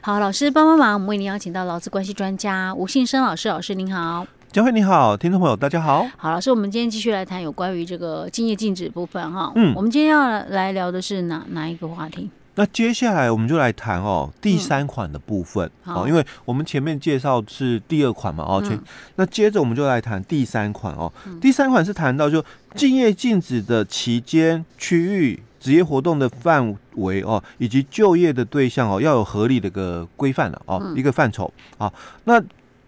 好，老師幫幫忙，我們為您邀請到勞資關係專家吳信生老師，老師您好，佳慧你好，聽眾朋友大家好。好，老師，我們今天繼續來談有關於這個競業禁止部分哈。嗯，我們今天要來聊的是哪哪一個話題？那接下來我們就來談哦，第三款的部分、嗯。好，因為我們前面介紹是第二款嘛，哦、嗯，全。那接着我們就來談第三款哦。嗯、第三款是談到就競業禁止的期間區域。職業活動的範圍哦，以及就業的對象哦，要有合理的一個規範的哦，一個範疇啊。那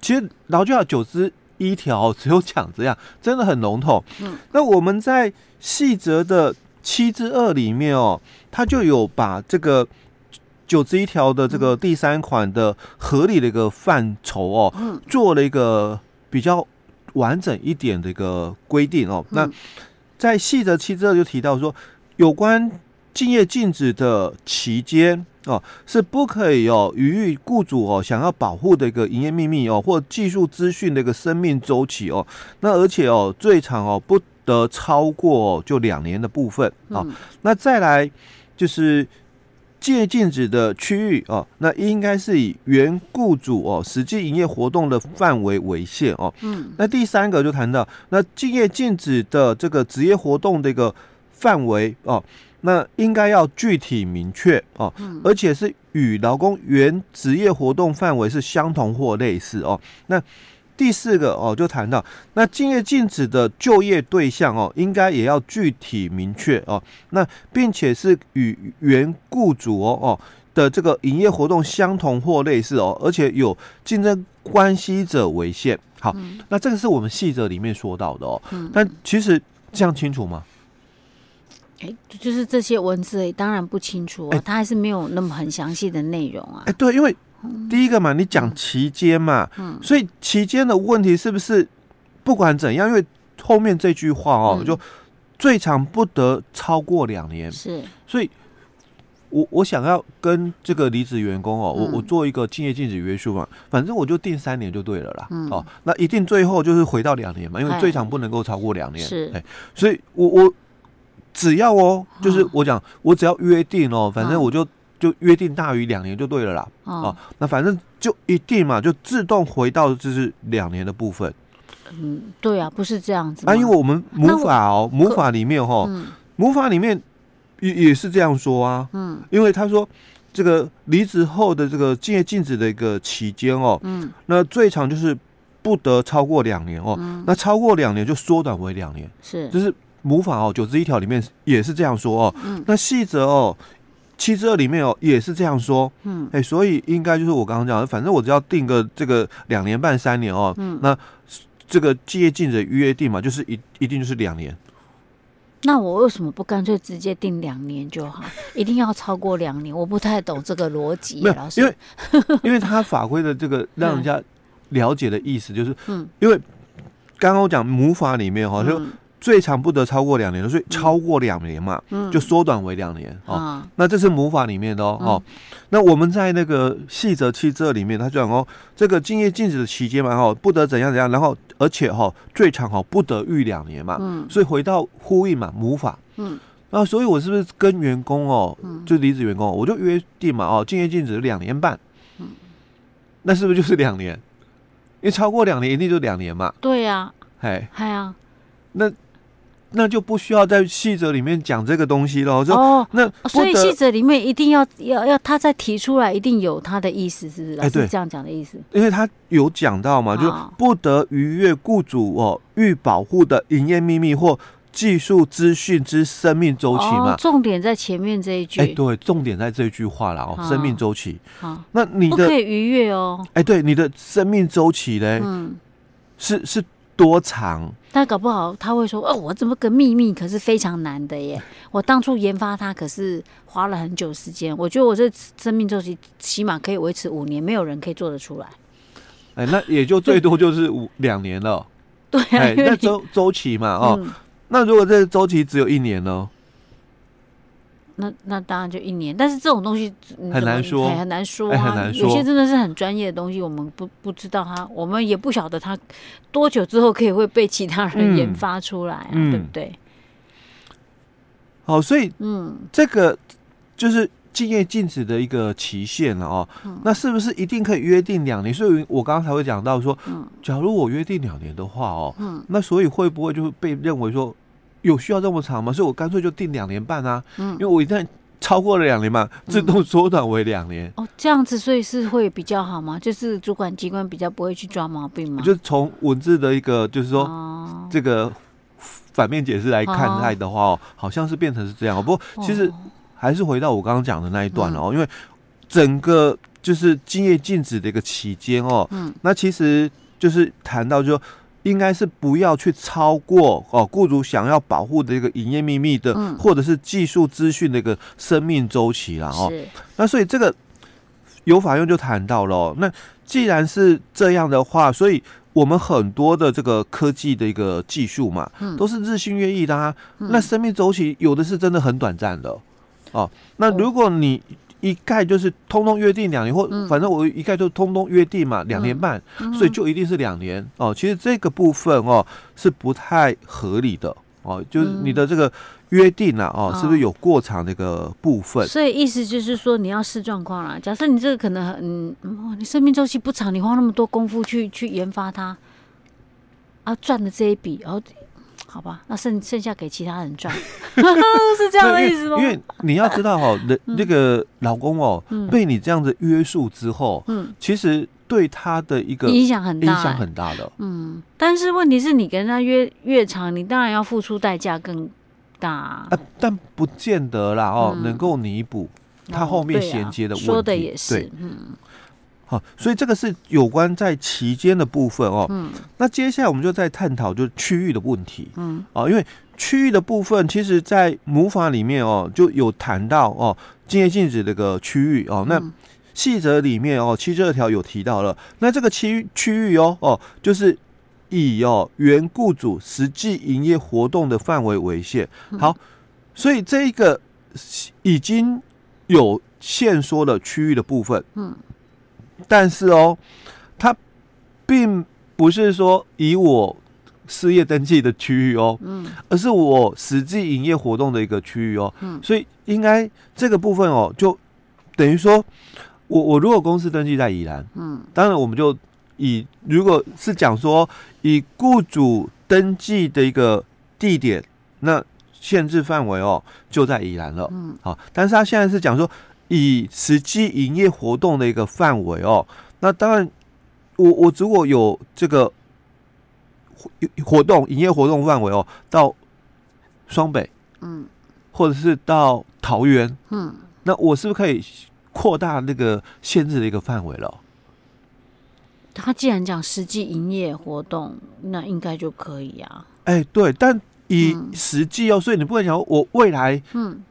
其實勞基九之一條只有講這樣，真的很籠統。嗯，那我們在細則的七之二裡面哦，它就有把這個九之一條的這個第三款的合理的一個範疇哦，嗯，做了一個比較完整一點的一個規定哦。嗯，那在細則七之二就提到說。有關競業禁止的期間哦、啊，是不可以有、哦、逾於雇主哦想要保護的一個營業秘密哦，或技術資訊的一個生命週期哦。那而且哦，最長哦不得超過就兩年的部分啊、嗯。那再來就是競業禁止的區域哦、啊，那應該是以原雇主哦實際營業活動的範圍為限哦、啊。嗯。那第三個就談到那競業禁止的這個職業活動的一個。範圍哦，那應該要具體明確哦，而且是與勞工原職業活動範圍是相同或類似哦。那第四個哦，就談到那競業禁止的就業對象哦，應該也要具體明確哦，那並且是與原雇主哦哦的這個營業活動相同或類似哦，而且有競爭關係者為限。好，那這個是我們細則裡面說到的哦。但其實這樣清楚嗎？哎、欸，就是這些文字當然不清楚啊，他、欸、還是沒有那麼很詳細的內容啊。哎、欸，對，因為第一個嘛，你講期間嘛，嗯，所以期間的問題是不是不管怎樣？因為後面這句話哦、喔嗯，就最長不得超過兩年，是。所以我，我我想要跟這個離職員工哦、喔嗯，我我做一個競業禁止約束嘛，反正我就定三年就對了啦。嗯，哦、喔，那一定最後就是回到兩年嘛，因為最長不能夠超過兩年、欸。是，哎、欸，所以我我。只要哦，就是我講，我只要約定哦，反正我就就約定大於兩年就對了啦啊。啊，那反正就一定嘛，就自動回到就是兩年的部分。嗯，對啊，不是這樣子。那、啊、因為我們母法哦，母法裡面哦，嗯、母法裡面也也是這樣說啊。嗯，因為他說這個離職後的這個競業禁止的一個期間哦，嗯，那最長就是不得超過兩年哦、嗯。那超過兩年就縮短為兩年。是、嗯，就是。母法哦，九之一條裡面也是這樣說哦。嗯、那細則哦，七之二裡面哦也是這樣說。嗯，哎、欸，所以應該就是我剛剛講，反正我只要定個這個兩年半三年哦。嗯，那這個接近的約定嘛，就是一一定就是兩年。那我為什麼不乾脆直接定兩年就好？ 一定要超過兩年？我不太懂這個邏輯、啊，因為 因為他法規的這個讓人家了解的意思就是，嗯，因為剛剛講母法裡面哈、哦嗯、就。最長不得超過兩年，所以超過兩年嘛，嗯、就縮短為兩年、嗯、哦、啊。那這是《母法》裡面的哦、嗯、哦。那我們在那個細則七則裡面，它講哦，這個競業禁止的期間嘛，哦，不得怎樣怎樣，然後而且哈、哦，最長哈、哦，不得逾兩年嘛。嗯。所以回到呼應嘛，《母法》嗯，那、啊、所以我是不是跟員工哦，嗯、就離職員工，我就約定嘛，哦，競業禁止兩年半，嗯，那是不是就是兩年？因為超過兩年一定就兩年嘛。對呀、啊。哎，哎呀、啊，那。那就不需要在細則裡面講這個東西咯就、哦、那所以細則裡面一定要要要他再提出來，一定有他的意思，是不是？哎、欸，對，這樣講的意思，因為他有講到嘛，就是、不得逾越僱主哦，欲保護的營業秘密或技術資訊之生命週期嘛。哦、重點在前面這一句，哎、欸，對，重點在這句話了哦，生命週期。好，那你的不可以逾越哦，哎、欸，對，你的生命週期嘞，嗯，是是。多長？他搞不好他會說：“哦，我怎麼個秘密？可是非常難的耶！我當初研發它可是花了很久時間。我覺得我這生命周期起碼可以維持五年，沒有人可以做得出來。欸”哎，那也就最多就是五兩年了。喔。對、啊欸，那為周周期嘛、喔，哦、 嗯，那如果這周期只有一年呢、喔？那那當然就一年，但是這種東西很難說，很難說啊、欸，很難說。有些真的是很專業的東西，我們不不知道它，我們也不曉得它多久之後可以會被其他人研發出來啊，嗯、對不對、嗯？好，所以嗯，這個就是競業禁止的一個期限了哦、嗯。那是不是一定可以約定兩年？所以我剛才會講到說、嗯，假如我約定兩年的話哦、嗯，那所以會不會就被認為說？有需要這麼長嗎？所以我乾脆就定兩年半啊，嗯，因為我一旦超過了兩年嘛，自動縮短為兩年、嗯。哦，這樣子，所以是會比較好嗎？就是主管機關比較不會去抓毛病嘛。就從文字的一個就是說、啊，這個反面解釋來看待的話哦、喔啊，好像是變成是這樣、喔。不過其實還是回到我剛剛講的那一段哦、喔嗯，因為整個就是競業禁止的一個期間哦、喔，嗯，那其實就是談到就應該是不要去超過哦，雇主想要保護的一個營業秘密的，嗯、或者是技術資訊的一個生命週期了哦。那所以這個有法院就談到了、哦。那既然是這樣的話，所以我們很多的這個科技的一個技術嘛、嗯，都是日新月異的、啊嗯。那生命週期有的是真的很短暫的哦。那如果你。哦一概就是通通約定兩年，或反正我一概就通通約定嘛兩、嗯、年半、嗯，所以就一定是兩年、嗯、哦。其實這個部分哦是不太合理的哦，就是你的這個約定啊哦、嗯啊，是不是有過長那個部分、啊？所以意思就是說你要試狀況啦。假設你這個可能很、嗯，你生命週期不長，你花那麼多功夫去去研發它，啊賺了這一筆，然、啊、後。好吧，那剩剩下給其他人賺， 是這樣的意思嗎？因為，因為你要知道哈、喔，那、 嗯、那個老公哦、喔嗯，被你這樣子約束之後，嗯，其實對他的一個影響很大、欸，影響很大的。嗯，但是問題是你跟人家約越長，你當然要付出代價更大、啊啊。但不見得啦、喔，哦、嗯，能夠彌補他後面銜接的問題、啊，說的也是，嗯。好、哦，所以這個是有關在期間的部分哦。嗯。那接下來我們就再探討就是區域的問題。嗯。啊、哦，因為區域的部分，其實在母法裡面哦，就有談到哦，競業禁止這個區域哦。嗯、那細則裡面哦，七十二條有提到了。那這個區區域哦，哦，就是以哦原雇主實際營業活動的範圍為限、嗯。好，所以這一個已經有限縮的區域的部分。嗯。但是哦，它並不是說以我失業登記的區域哦，嗯，而是我實際營業活動的一個區域哦，嗯，所以應該這個部分哦，就等於說我，我我如果公司登記在宜蘭，嗯，當然我們就以如果是講說以雇主登記的一個地點，那限制範圍哦就在宜蘭了，嗯，好、啊，但是他現在是講說。以實際營業活動的一個範圍哦，那當然我，我我如果有這個活動營業活動範圍哦，到雙北，嗯，或者是到桃園，嗯，那我是不是可以擴大那個限制的一個範圍了？他既然講實際營業活動，那應該就可以啊。哎、欸，對，但。以實際哦，所以你不能講我未來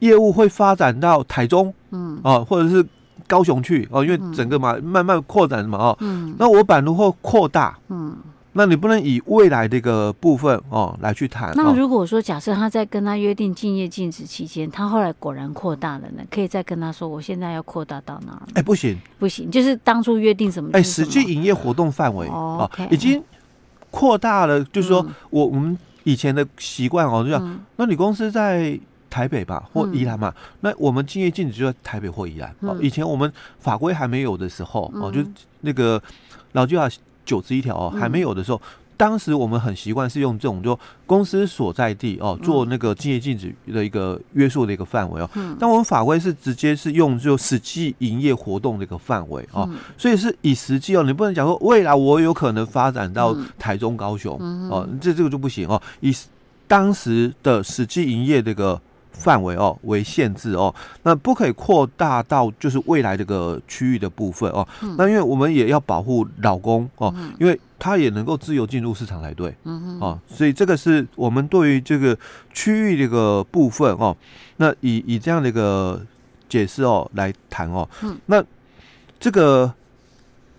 業務會發展到台中、嗯啊、或者是高雄去哦、啊，因為整個嘛、嗯、慢慢擴展嘛哦、啊嗯。那我版圖會擴大，嗯，那你不能以未來這個部分哦、啊、來去談。那如果說假設他在跟他約定競業禁止期間，他後來果然擴大了呢，可以再跟他說我現在要擴大到哪？哎、欸，不行，不行，就是當初約定什麼，什麼？哎、欸，實際營業活動範圍、啊、哦、okay，已經擴大了，就是說、嗯、我我們。嗯以前的習慣哦，就像、嗯、那你公司在台北吧，或宜蘭嘛、嗯，那我們競業禁止就在台北或宜蘭。哦、嗯，以前我們法規還沒有的時候，嗯、哦，就那個勞基法九之一條哦、嗯，還沒有的時候。當時我們很習慣是用這種，就公司所在地哦、啊，做那個競業禁止的一個約束的一個範圍哦。但我們法規是直接是用就實際營業活動的一個範圍哦。所以是以實際哦，你不能講說未來我有可能發展到台中、高雄哦、啊，這這個就不行哦、啊。以當時的實際營業這個。範圍哦為限制哦，那不可以擴大到就是未來這個區域的部分哦。那因為我們也要保護勞工哦，因為他也能夠自由進入市場才對。嗯嗯。哦，所以這個是我們對於這個區域這個部分哦，那以以這樣的一個解釋哦來談哦。那這個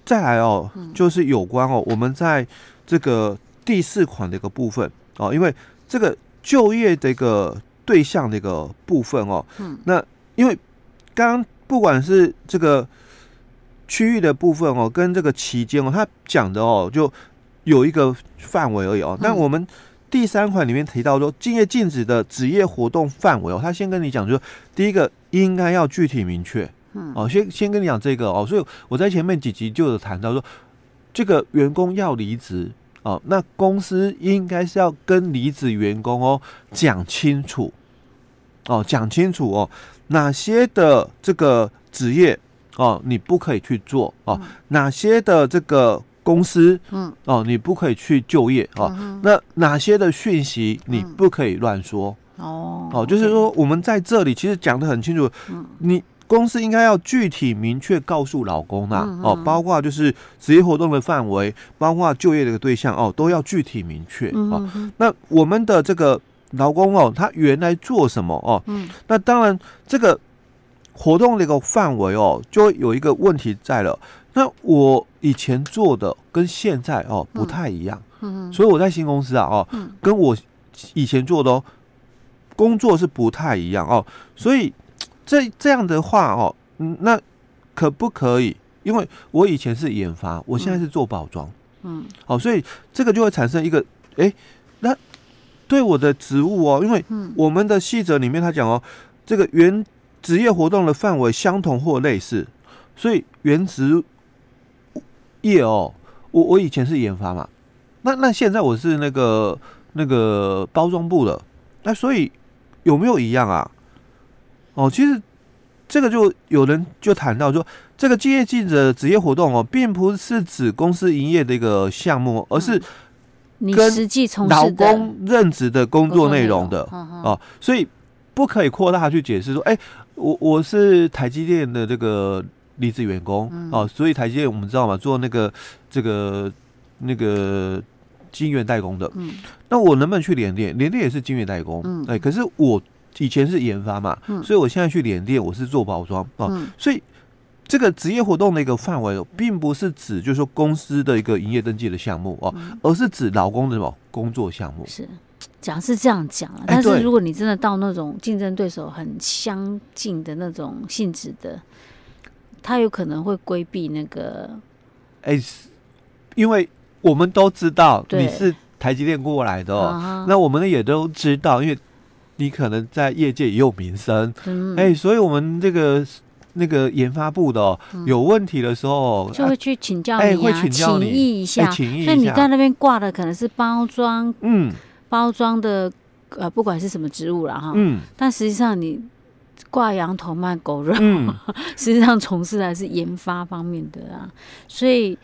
再來哦，就是有關哦，我們在這個第四款的一個部分哦，因為這個就業的一個。對象的一個部分哦，嗯，那因為剛剛不管是這個區域的部分哦，跟這個期間哦，他講的哦，就有一個範圍而已哦。嗯，但我們第三款裡面提到說，競業禁止的職業活動範圍哦，他先跟你講，就是第一個應該要具體明確，嗯，哦，先先跟你講這個哦。所以我在前面幾集就有談到說，這個員工要離職。哦、啊，那公司應該是要跟離職員工哦講清楚，哦、啊、講清楚哦，哪些的這個職業哦、啊、你不可以去做哦、啊，哪些的這個公司哦、啊、你不可以去就業哦、啊，那哪些的訊息你不可以亂說哦哦、啊，就是說我們在這裡其實講得很清楚，你。公司應該要具體明確告訴勞工，吶，哦，包括就是職業活動的範圍，包括就業的一個對象哦，都要具體明確。哦，那我們的這個勞工哦，他原來做什麼哦？那當然，這個活動的一個範圍哦，就有一個問題在了。那我以前做的跟現在哦不太一樣，所以我在新公司啊，哦，跟我以前做的哦工作是不太一樣哦，所以。這這樣的話哦、嗯，那可不可以？因為我以前是研發，我現在是做包裝，嗯，好、嗯哦，所以這個就會產生一個，哎，那對我的職務哦，因為我們的細則裡面他講哦、嗯，這個原職業活動的範圍相同或類似，所以原職業哦，我我以前是研發嘛，那那現在我是那個那個包裝部的，那所以有沒有一樣啊？哦，其實這個就有人就談到說，這個競業禁止職業活動哦，並不是指公司營業的一個項目，而是你實際從事勞工任職的工作內容的哦，所以不可以擴大去解釋說，哎、欸，我我是台積電的這個離職員工哦，所以台積電我們知道嘛，做那個這個那個晶圓代工的，嗯，那我能不能去聯電？聯電也是晶圓代工，嗯，哎，可是我。以前是研發嘛，嗯、所以我現在去聯電，我是做包裝哦、嗯，所以這個職業活動的一個範圍，並不是指就是說公司的一個營業登記的項目哦、嗯，而是指勞工的什麼工作項目。是講是這樣講，但是如果你真的到那種競爭對手很相近的那種性質的，他有可能會規避那個。哎、欸，因為我們都知道你是台積電過來的、哦啊，那我們也都知道，因為。你可能在業界也有名聲，哎、嗯欸，所以我們這個那個研發部的、嗯、有問題的時候，就會去請教你、啊欸，會請教你請益一下、欸、請益一下。所以你在那邊掛的可能是包裝，嗯，包裝的呃，不管是什麼職務了哈，嗯。但實際上你掛羊頭賣狗肉，嗯、實際上從事的還是研發方面的啊。所以，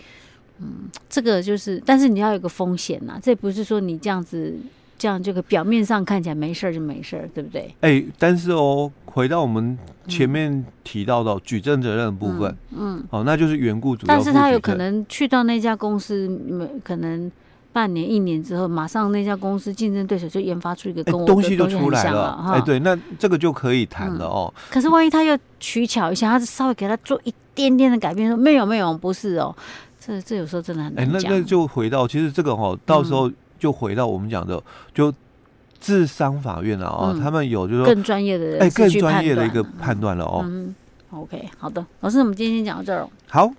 嗯，這個就是，但是你要有個風險吶，這不是說你這樣子。這樣這個表面上看起來沒事兒就沒事兒，對不對？哎、欸，但是哦，回到我們前面提到的、哦嗯、舉證責任的部分，嗯，嗯哦，那就是原雇主。主要。但是他有可能去到那家公司，沒可能半年一年之後，馬上那家公司競爭對手就研發出一個、欸、東西就出來了，哎、欸，對，那這個就可以談了哦、嗯。可是萬一他要取巧一下，他稍微給他做一點點的改變，說沒有沒有，不是哦，這這有時候真的很難講、欸。那那就回到其實這個哦，到時候、嗯。就回到我們講的，就智商法院了啊，嗯、他們有就是說更專業的人，哎、欸，更專業的一個判斷了哦、嗯。OK，好的，老師，我們今天先講到這兒。好。